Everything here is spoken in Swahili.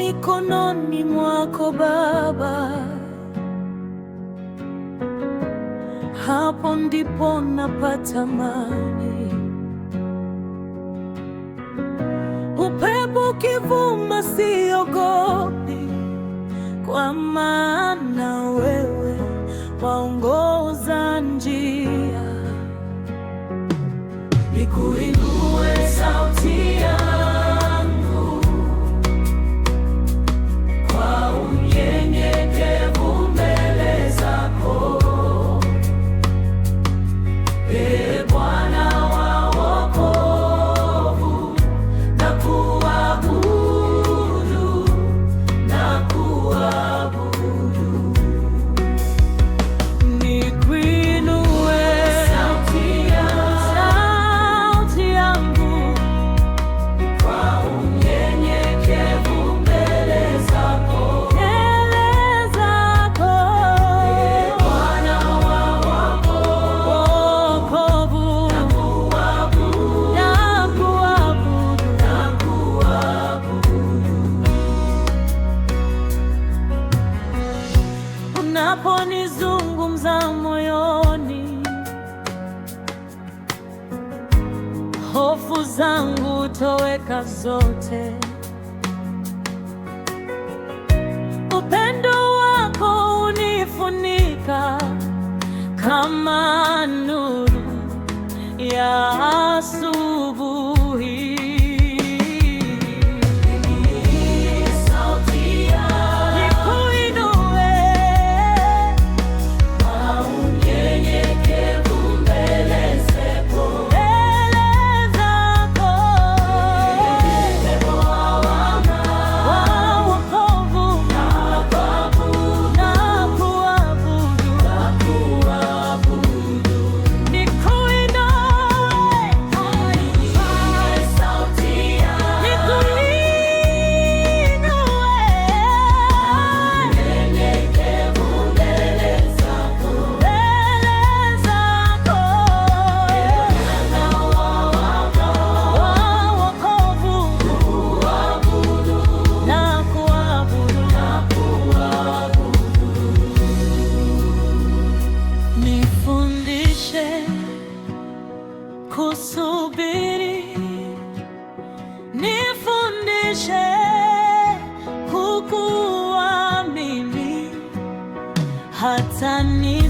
mikononi mwako Baba, hapo ndipo napata amani. Upepo ukivuma, siogopi, kwa maana wewe waongoza njia. Nikuinue sauti hofu zangu toweka zote, upendo wako unifunika kama nuru ya asu kusubiri, nifundishe kukuamini hata ni